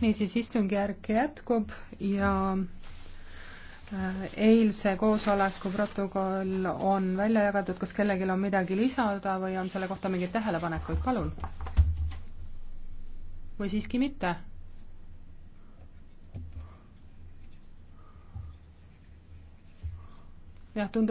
niisiis, istungjärk jätkub ja äh, eilse koosoleku protokoll on välja jagatud, kas kellelgi on midagi lisada või on selle kohta mingeid tähelepanekuid, palun? või siiski mitte? jah, tundub